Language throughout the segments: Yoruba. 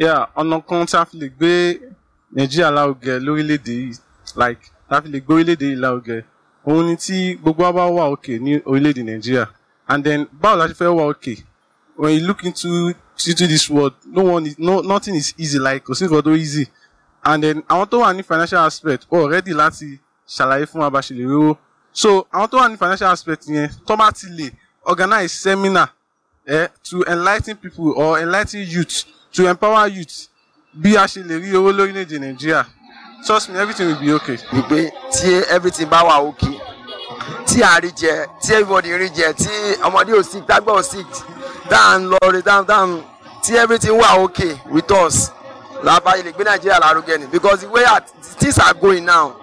yeah ọ̀nà kan tí a fi lè gbé nàìjíríà lárugẹ lórílẹ̀‐èdè yìí like tí a fi lè gbé orílẹ̀‐èdè yìí lárugẹ òun ni tí gbogbo wa bá wà òkè ní orílẹ̀‐èdè nàìjíríà and then báwo la ṣe fẹ́ wà òkè when you look into into this world no one is no nothing is easy like kò sí nǹkan tó easy and then àwọn tó wà ní financial aspect ọ̀ ready láti ṣàlàyé fún wa bá ṣe lè rówó so àwọn tó wà ní financial aspect yẹn tó bá ti lè organize seminar eh, to enligh ten people or enligh ten youth to empower youth bí a ṣe lè rí owó lórílẹ̀‐èdè nàìjíríà trust me everything will be okay. wípé tí everything bá wà okay tí a rí jẹ tí everybody rí jẹ tí ọmọdé ò sick tágbà ò sick dáhùn lọrí dáhùn dáhùn tí everything wà okay with us làbáyé lè gbé nàìjíríà lárugẹ ni because the way at, things are going now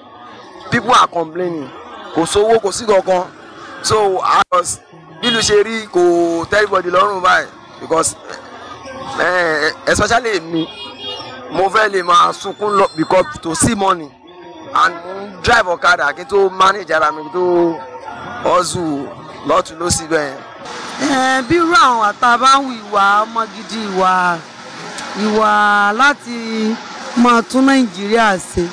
people are complaining kò sówó kò sí kankan so as bílù ṣe rí kò tell everybody lọ́rùn báyìí because Eh, especially me, mo fẹ́ lè máa sunkún lọ because to see money and drive ọ̀kadà kí n tó manage ara mi kí n tó hustle lọ́tún ló sì bẹ́ẹ̀. Eh, bí irú àwọn àtàbá ń ìwà ọmọ gidi ìwà ìwà láti máa tún nàìjíríà ṣe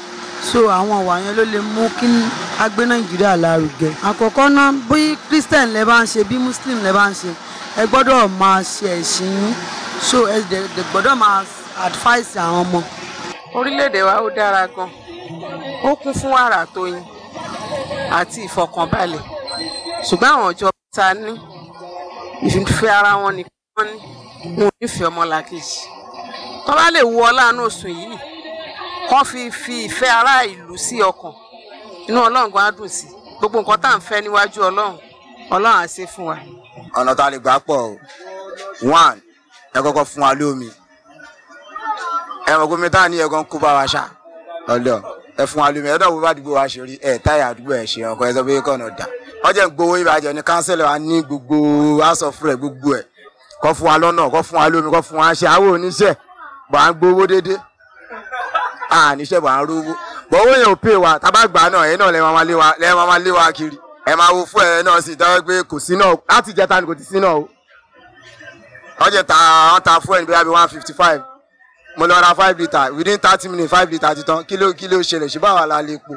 so àwọn ìwà yẹn ló lè mú kí a gbé nàìjíríà lárugẹ. àkọ́kọ́ náà bí christian lẹ bá ń ṣe bí muslim lẹ bá ń ṣe ẹ gbọ́dọ̀ máa ṣe ẹ̀sìn yín so ẹ gbọ́dọ̀ máa advice àwọn ọmọ. orílẹ̀-èdè wa ó dára gan ó kún fún wàrà tó yin àti ìfọkànbalẹ̀ ṣùgbọ́n àwọn ìjọba ta ní ìfẹ́ ara wọn nìkan ní wọn ò nífẹ̀ẹ́ ọmọlàkejì tó bá lè wọ ọláàánú oṣù yìí kán fi fi ìfẹ́ ará ìlú sí ọkàn inú ọlọ́run gan á dùn sí gbogbo nǹkan tá à ń fẹ́ níwájú ọlọ́run ọlọ́run á ṣe fún wa. ọ̀nà tá a lè gbà pọ̀ one ẹ kọ́kọ́ fún wa lómi ẹ mọ̀ pé mẹ́ta ni ẹ̀gàn kó bá wa ṣá ọ̀dọ̀ ẹ fún wa lómi ẹ̀dọ̀ wo bá dùgbò wa ṣe rí ẹ̀ táyà àdúgbò ẹ̀ ṣe ọkọ̀ ẹ sọ pé kọ̀nà dà ọjọ́ gbowó ìbàjẹ́ ni kánsẹ́lẹ̀ wa ní gbogbo aṣọ fún rẹ̀ gbogbo ẹ̀ kọ́ fún wa lọ́nà kọ́ fún wa lómi kọ́ fún wa ṣe àwọn oníṣẹ́ bọ̀ à ń gbowó déédéé à níṣẹ́ bọ̀ à ń rówó bọ̀ owó yẹn ò pè wá tá a bá gbà náà ẹ̀ náà lẹ́ẹ̀ máa lé wa kiri ẹ̀ máa wo fún ẹ̀ náà sì dáwọ́ pé kò sí náà láti jẹta ni kò ti sí náà o wọ́n ta wọ́n ta fún ẹni bí wọ́n one fifty five mo lọ ra five litre within thirty minutes five litre ti tán kí ló kí ló ṣẹlẹ̀ ṣùgbọ́n àwa la lè po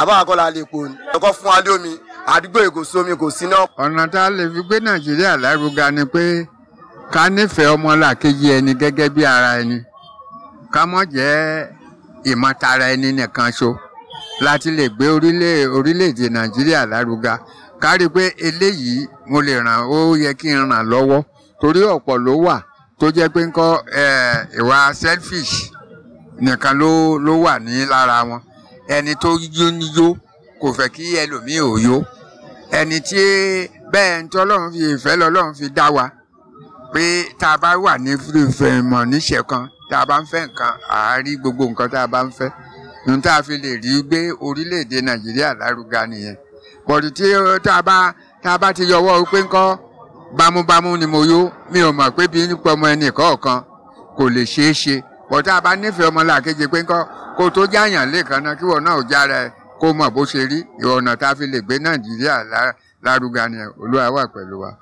àbáwá kọ́ la lè po ni. ẹ̀kọ́ fún wa lómi àdúgbò èkó sómi kò sí náà. ọ̀nà tá a lè fi gbé nàìjíríà lárugà ni pé ká nífẹ̀ẹ́ ọmọlàkejì ẹni gẹ́gẹ́ bí ara ẹni ká mọ̀ jẹ́ ìmọ̀tara ẹni nìkan ṣo láti lè gbé orílẹ̀ orílẹ̀-èdè nàìjíríà lárugà ká rí i pé eléyìí mo lè ràn ó yẹ kí n ràn lọ́wọ́ torí ọ̀pọ̀ ló wà tó jẹ́ pé ńkọ́ ìwà selfish nìkan ló ló wà ní lára wọn ẹni tó yó ni yó kò fẹ́ kí ẹlòmíì ò yó ẹni tí bẹ́ẹ̀ ń tọ́lọ́run fi ìfẹ́ lọ́lọ́run fi dá wa pé tá a bá wà ní ìfẹ̀mọ̀ níṣẹ́ kan tá a bá ń fẹ́ nǹkan àárí gbogbo nǹkan tá a bá ń fẹ́ ohun tá a fi lè rí gbé orílẹ̀-èdè Nàìjíríà lárugà nìyẹn pọ̀jù tí tá a bá tá yọwọ́ pé ńkọ́ bámúbámú ni mo yó mi ò mọ̀ pé bí nípa ọmọ ẹnì kọ̀ọ̀kan kò lè ṣeé ṣe bọ̀tá a bá nífẹ̀ẹ́ ọmọ làkejì pé ńkọ́ kó tó jáyàn lẹ́ẹ̀kan náà kí wọn náà ò jára ẹ kó mọ̀ bó ṣe rí ọ̀nà tá a fi lè gbé Nàìjíríà lárugà ni Olúwa wà pẹ̀lú wa.